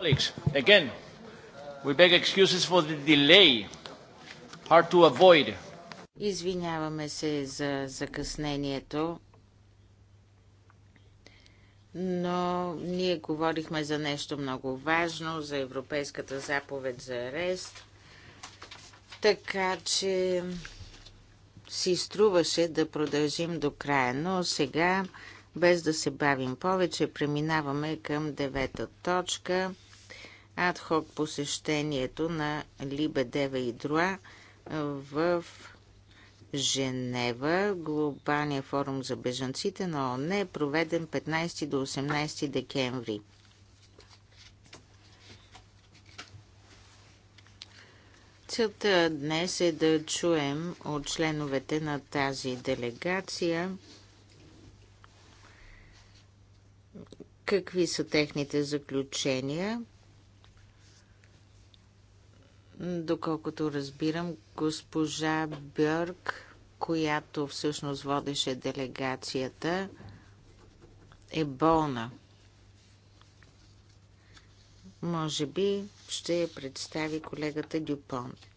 Colleagues, again, we beg excuses for the delay. Hard to avoid. Извиняваме се за закъснението, но ние говорихме за нещо много важно, за Европейската заповед за арест, така че си струваше да продължим до края, но сега без да се бавим повече, преминаваме към девета точка – адхок посещението на Либе Дева и Друа в Женева, глобалния форум за бежанците на ООН е проведен 15 до 18 декември. Целта днес е да чуем от членовете на тази делегация какви са техните заключения – Доколкото разбирам, госпожа Бьорк, която всъщност водеше делегацията, е болна. Може би ще я представи колегата Дюпонт.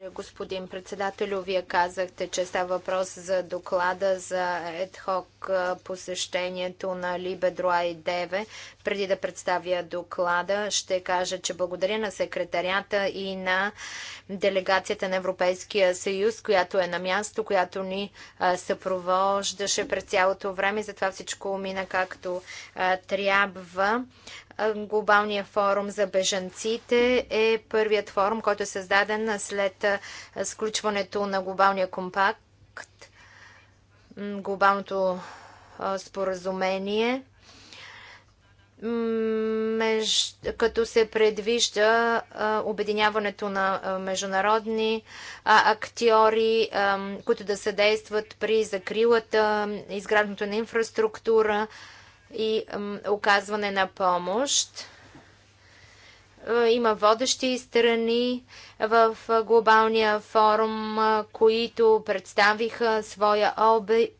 Благодаря, господин председателю. Вие казахте, че става въпрос за доклада за едхок посещението на Либе, Друа и Деве. Преди да представя доклада, ще кажа, че благодаря на секретарята и на делегацията на Европейския съюз, която е на място, която ни съпровождаше през цялото време. Затова всичко мина както трябва. Е, Глобалният форум за бежанците е първият форум, който е създаден след е, сключването на глобалния компакт, глобалното е, споразумение, като се предвижда обединяването на международни актьори, които да съдействат при закрилата, изграждането на инфраструктура, и оказване на помощ. Е, има водещи страни в е, глобалния форум, е, които представиха своя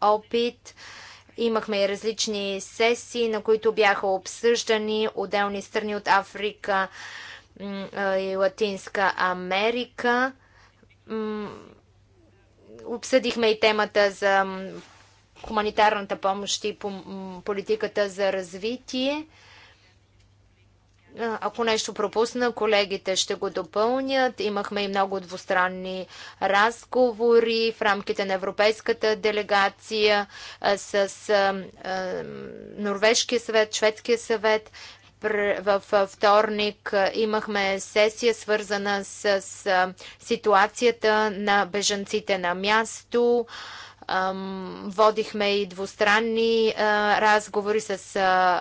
опит. Имахме и различни сесии, на които бяха обсъждани отделни страни от Африка и Латинска Америка. Обсъдихме и темата за хуманитарната помощ и по политиката за развитие. Ако нещо пропусна, колегите ще го допълнят. Имахме и много двустранни разговори в рамките на Европейската делегация с Норвежкия съвет, Шведския съвет. Във вторник имахме сесия, свързана с ситуацията на бежанците на място. Водихме и двустранни разговори с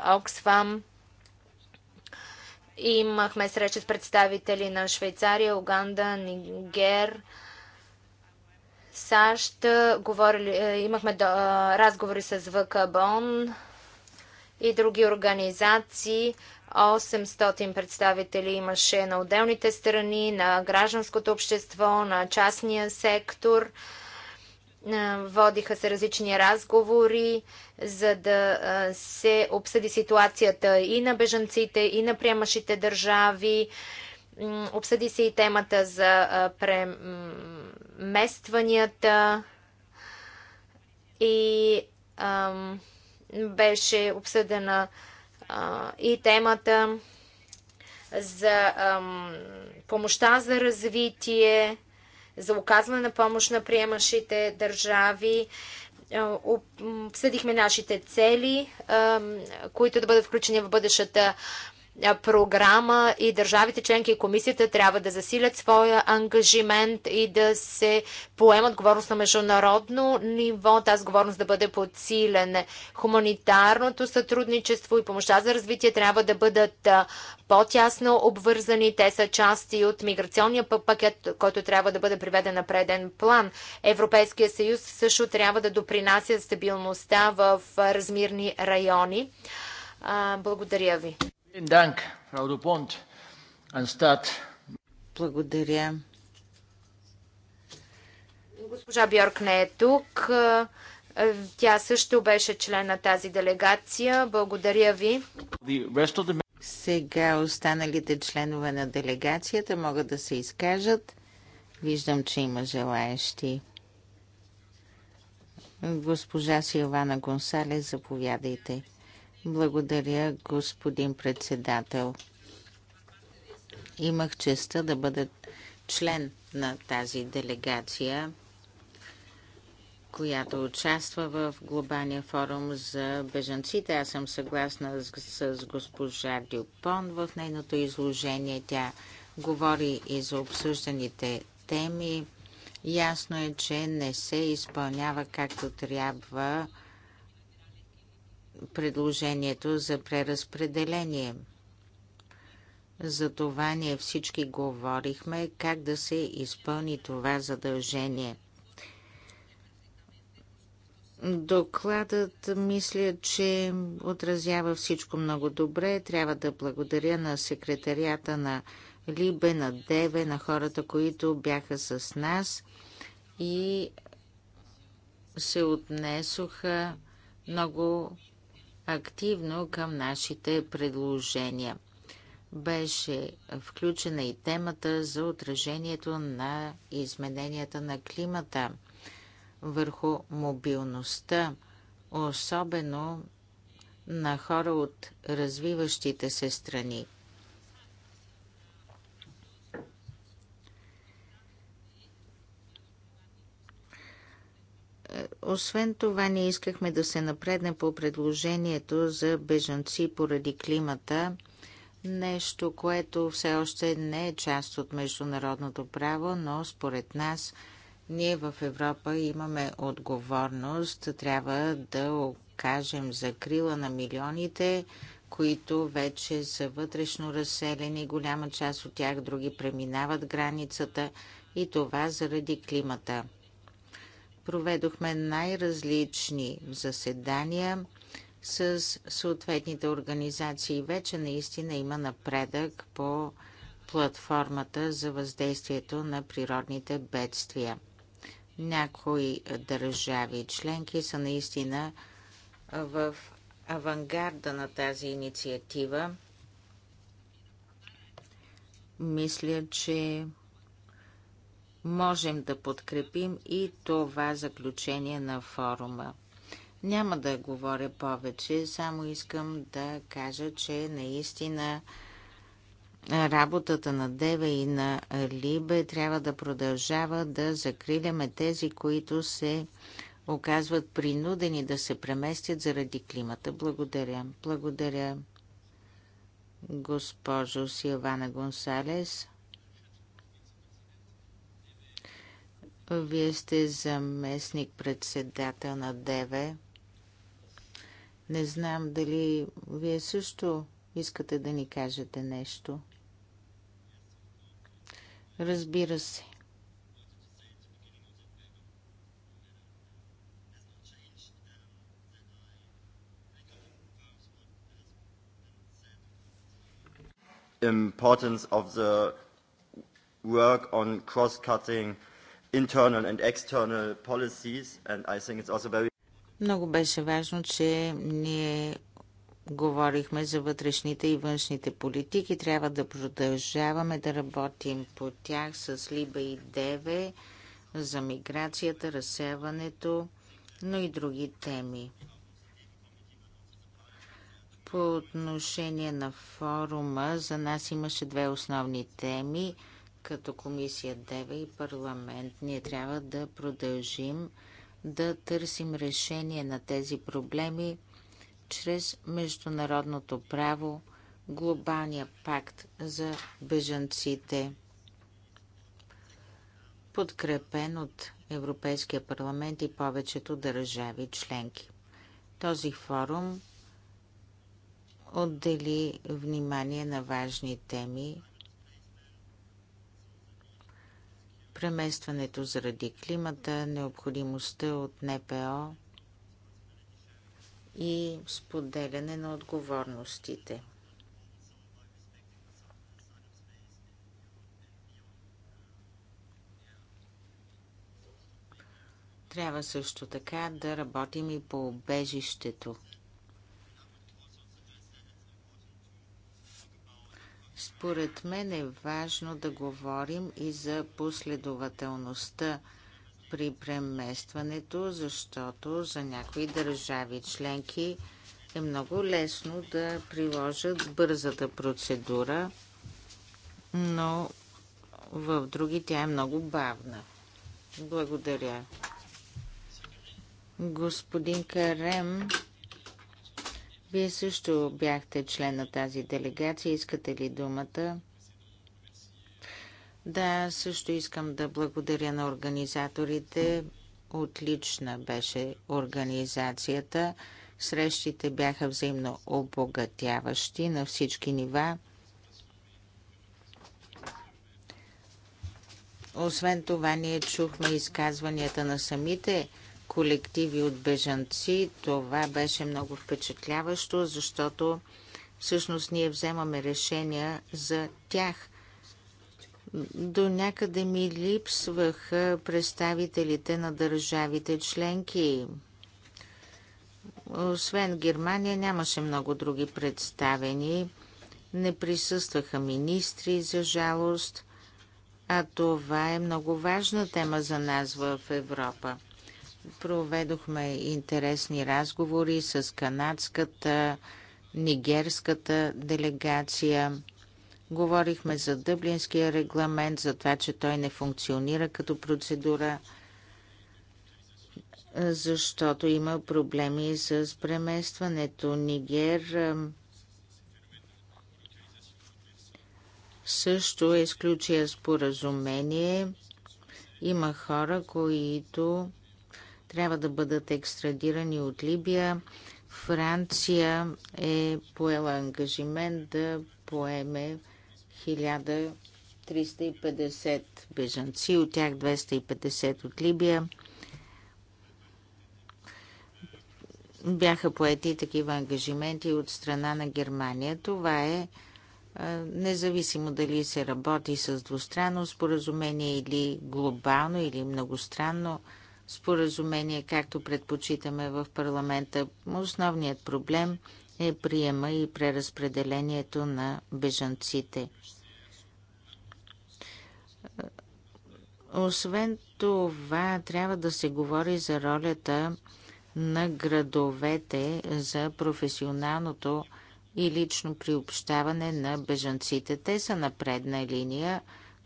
Оксфам. Имахме среща с представители на Швейцария, Уганда, Нигер, САЩ. Говорили, имахме разговори с ВКБОН и други организации. 800 представители имаше на отделните страни, на гражданското общество, на частния сектор – Водиха се различни разговори, за да се обсъди ситуацията и на бежанците, и на приемащите държави. Обсъди се и темата за преместванията и ам, беше обсъдена а, и темата за ам, помощта за развитие за оказване на помощ на приемащите държави. Е, обсъдихме нашите цели, които да бъдат включени в бъдещата програма и държавите членки и комисията трябва да засилят своя ангажимент и да се поемат отговорност на международно ниво, тази отговорност да бъде подсилена. Хуманитарното сътрудничество и помощта за развитие трябва да бъдат по-тясно обвързани. Те са части от миграционния пакет, който трябва да бъде приведен на преден план. Европейския съюз също трябва да допринася стабилността в размирни райони. Благодаря ви. Благодаря. Госпожа Бьорк не е тук. Тя също беше член на тази делегация. Благодаря ви. Сега останалите членове на делегацията могат да се изкажат. Виждам, че има желаещи. Госпожа Силвана Гонсалес, заповядайте. Благодаря, господин председател. Имах честа да бъда член на тази делегация, която участва в глобалния форум за бежанците. Аз съм съгласна с, с госпожа Дюпон в нейното изложение. Тя говори и за обсъжданите теми. Ясно е, че не се изпълнява както трябва предложението за преразпределение. За това ние всички говорихме как да се изпълни това задължение. Докладът мисля, че отразява всичко много добре. Трябва да благодаря на секретарията на Либе, на Деве, на хората, които бяха с нас и се отнесоха много активно към нашите предложения. Беше включена и темата за отражението на измененията на климата върху мобилността, особено на хора от развиващите се страни. Освен това, ние искахме да се напредне по предложението за бежанци поради климата, нещо, което все още не е част от международното право, но според нас ние в Европа имаме отговорност, трябва да окажем закрила на милионите, които вече са вътрешно разселени, голяма част от тях други преминават границата и това заради климата. Проведохме най-различни заседания с съответните организации. Вече наистина има напредък по платформата за въздействието на природните бедствия. Някои държави членки са наистина в авангарда на тази инициатива. Мисля, че можем да подкрепим и това заключение на форума. Няма да говоря повече, само искам да кажа, че наистина работата на Дева и на Либе трябва да продължава да закриляме тези, които се оказват принудени да се преместят заради климата. Благодаря. Благодаря, госпожо Силвана Гонсалес. Вие сте заместник председател на ДВ. Не знам дали вие също искате да ни кажете нещо. Разбира се. importance of the work on cross-cutting internal and external policies and I think it's also very много беше важно, че ние говорихме за вътрешните и външните политики. Трябва да продължаваме да работим по тях с Либа и Деве за миграцията, разсеването, но и други теми. По отношение на форума, за нас имаше две основни теми – като комисия ДЕВА и парламент ние трябва да продължим да търсим решение на тези проблеми чрез международното право, глобалния пакт за бежанците, подкрепен от Европейския парламент и повечето държави членки. Този форум отдели внимание на важни теми преместването заради климата, необходимостта от НПО и споделяне на отговорностите. Трябва също така да работим и по обежището – Според мен е важно да говорим и за последователността при преместването, защото за някои държави членки е много лесно да приложат бързата процедура, но в други тя е много бавна. Благодаря. Господин Карем вие също бяхте член на тази делегация. Искате ли думата? Да, също искам да благодаря на организаторите. Отлична беше организацията. Срещите бяха взаимно обогатяващи на всички нива. Освен това, ние чухме изказванията на самите колективи от бежанци. Това беше много впечатляващо, защото всъщност ние вземаме решения за тях. До някъде ми липсваха представителите на държавите членки. Освен Германия нямаше много други представени. Не присъстваха министри, за жалост, а това е много важна тема за нас в Европа. Проведохме интересни разговори с канадската, нигерската делегация. Говорихме за Дъблинския регламент, за това, че той не функционира като процедура, защото има проблеми с преместването. Нигер също е изключия споразумение. Има хора, които трябва да бъдат екстрадирани от Либия. Франция е поела ангажимент да поеме 1350 бежанци, от тях 250 от Либия. Бяха поети такива ангажименти от страна на Германия. Това е независимо дали се работи с двустранно споразумение или глобално или многостранно споразумение, както предпочитаме в парламента. Основният проблем е приема и преразпределението на бежанците. Освен това, трябва да се говори за ролята на градовете за професионалното и лично приобщаване на бежанците. Те са на предна линия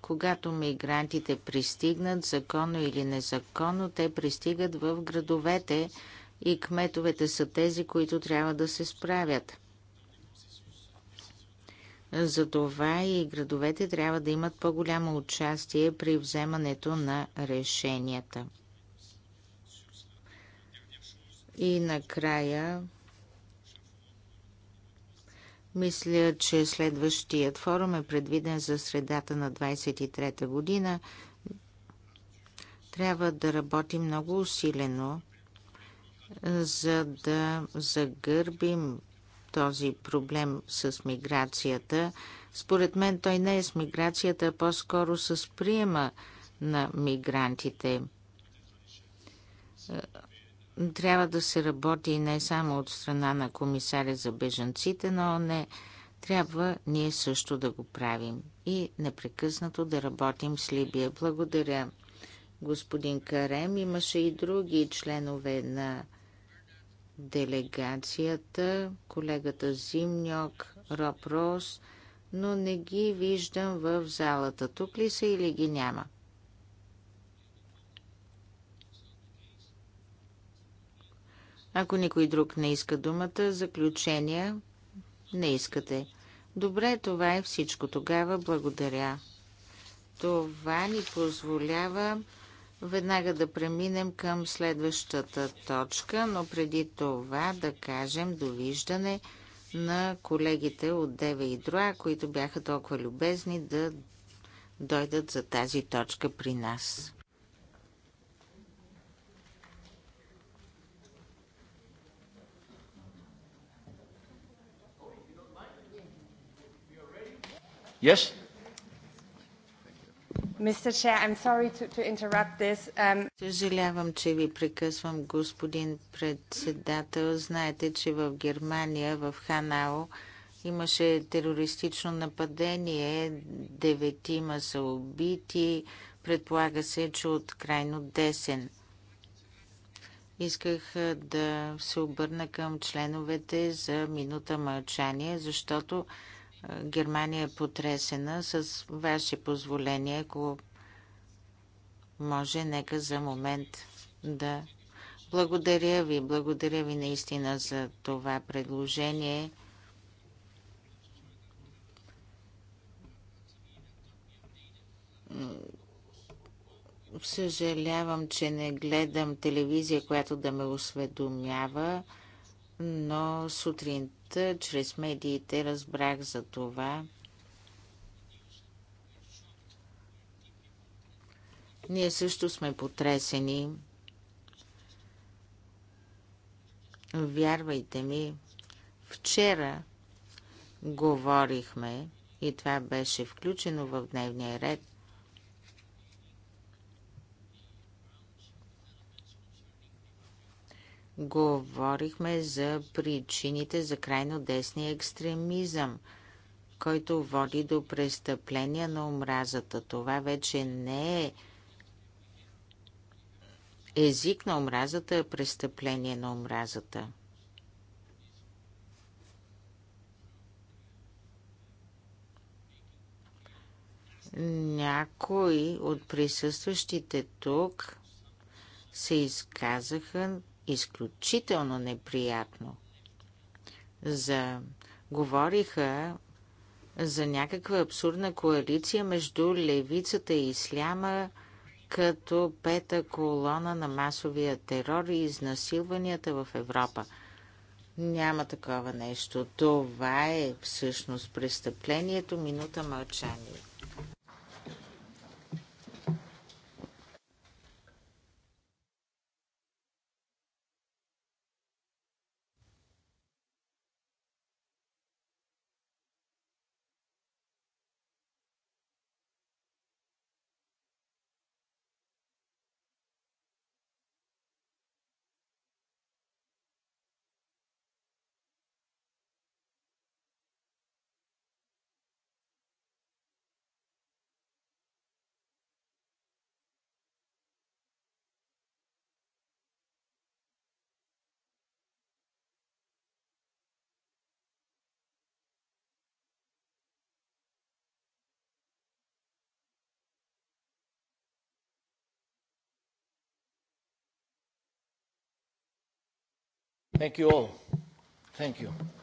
когато мигрантите пристигнат, законно или незаконно, те пристигат в градовете и кметовете са тези, които трябва да се справят. Затова и градовете трябва да имат по-голямо участие при вземането на решенията. И накрая мисля, че следващият форум е предвиден за средата на 23-та година. Трябва да работим много усилено, за да загърбим този проблем с миграцията. Според мен той не е с миграцията, а по-скоро с приема на мигрантите. Трябва да се работи не само от страна на комисаря за бежанците, но не трябва ние също да го правим и непрекъснато да работим с Либия. Благодаря, господин Карем. Имаше и други членове на делегацията, колегата Зимньок, Роб Рос, но не ги виждам в залата. Тук ли са или ги няма? Ако никой друг не иска думата, заключения не искате. Добре, това е всичко. Тогава благодаря. Това ни позволява веднага да преминем към следващата точка, но преди това да кажем довиждане на колегите от Деве и Друа, които бяха толкова любезни да дойдат за тази точка при нас. Yes? Mr. Chair, I'm sorry to, to interrupt this. Um... Съжалявам, че ви прекъсвам, господин председател. Знаете, че в Германия, в Ханао, имаше терористично нападение. Деветима са убити. Предполага се, че от крайно десен. Исках да се обърна към членовете за минута мълчание, защото Германия е потресена. С ваше позволение, ако може, нека за момент да. Благодаря ви, благодаря ви наистина за това предложение. Съжалявам, че не гледам телевизия, която да ме осведомява но сутринта чрез медиите разбрах за това. Ние също сме потресени. Вярвайте ми, вчера говорихме и това беше включено в дневния ред говорихме за причините за крайно десния екстремизъм, който води до престъпления на омразата. Това вече не е език на омразата, а престъпление на омразата. Някои от присъстващите тук се изказаха изключително неприятно. За... Говориха за някаква абсурдна коалиция между левицата и исляма, като пета колона на масовия терор и изнасилванията в Европа. Няма такова нещо. Това е всъщност престъплението. Минута мълчание. Thank you all. Thank you.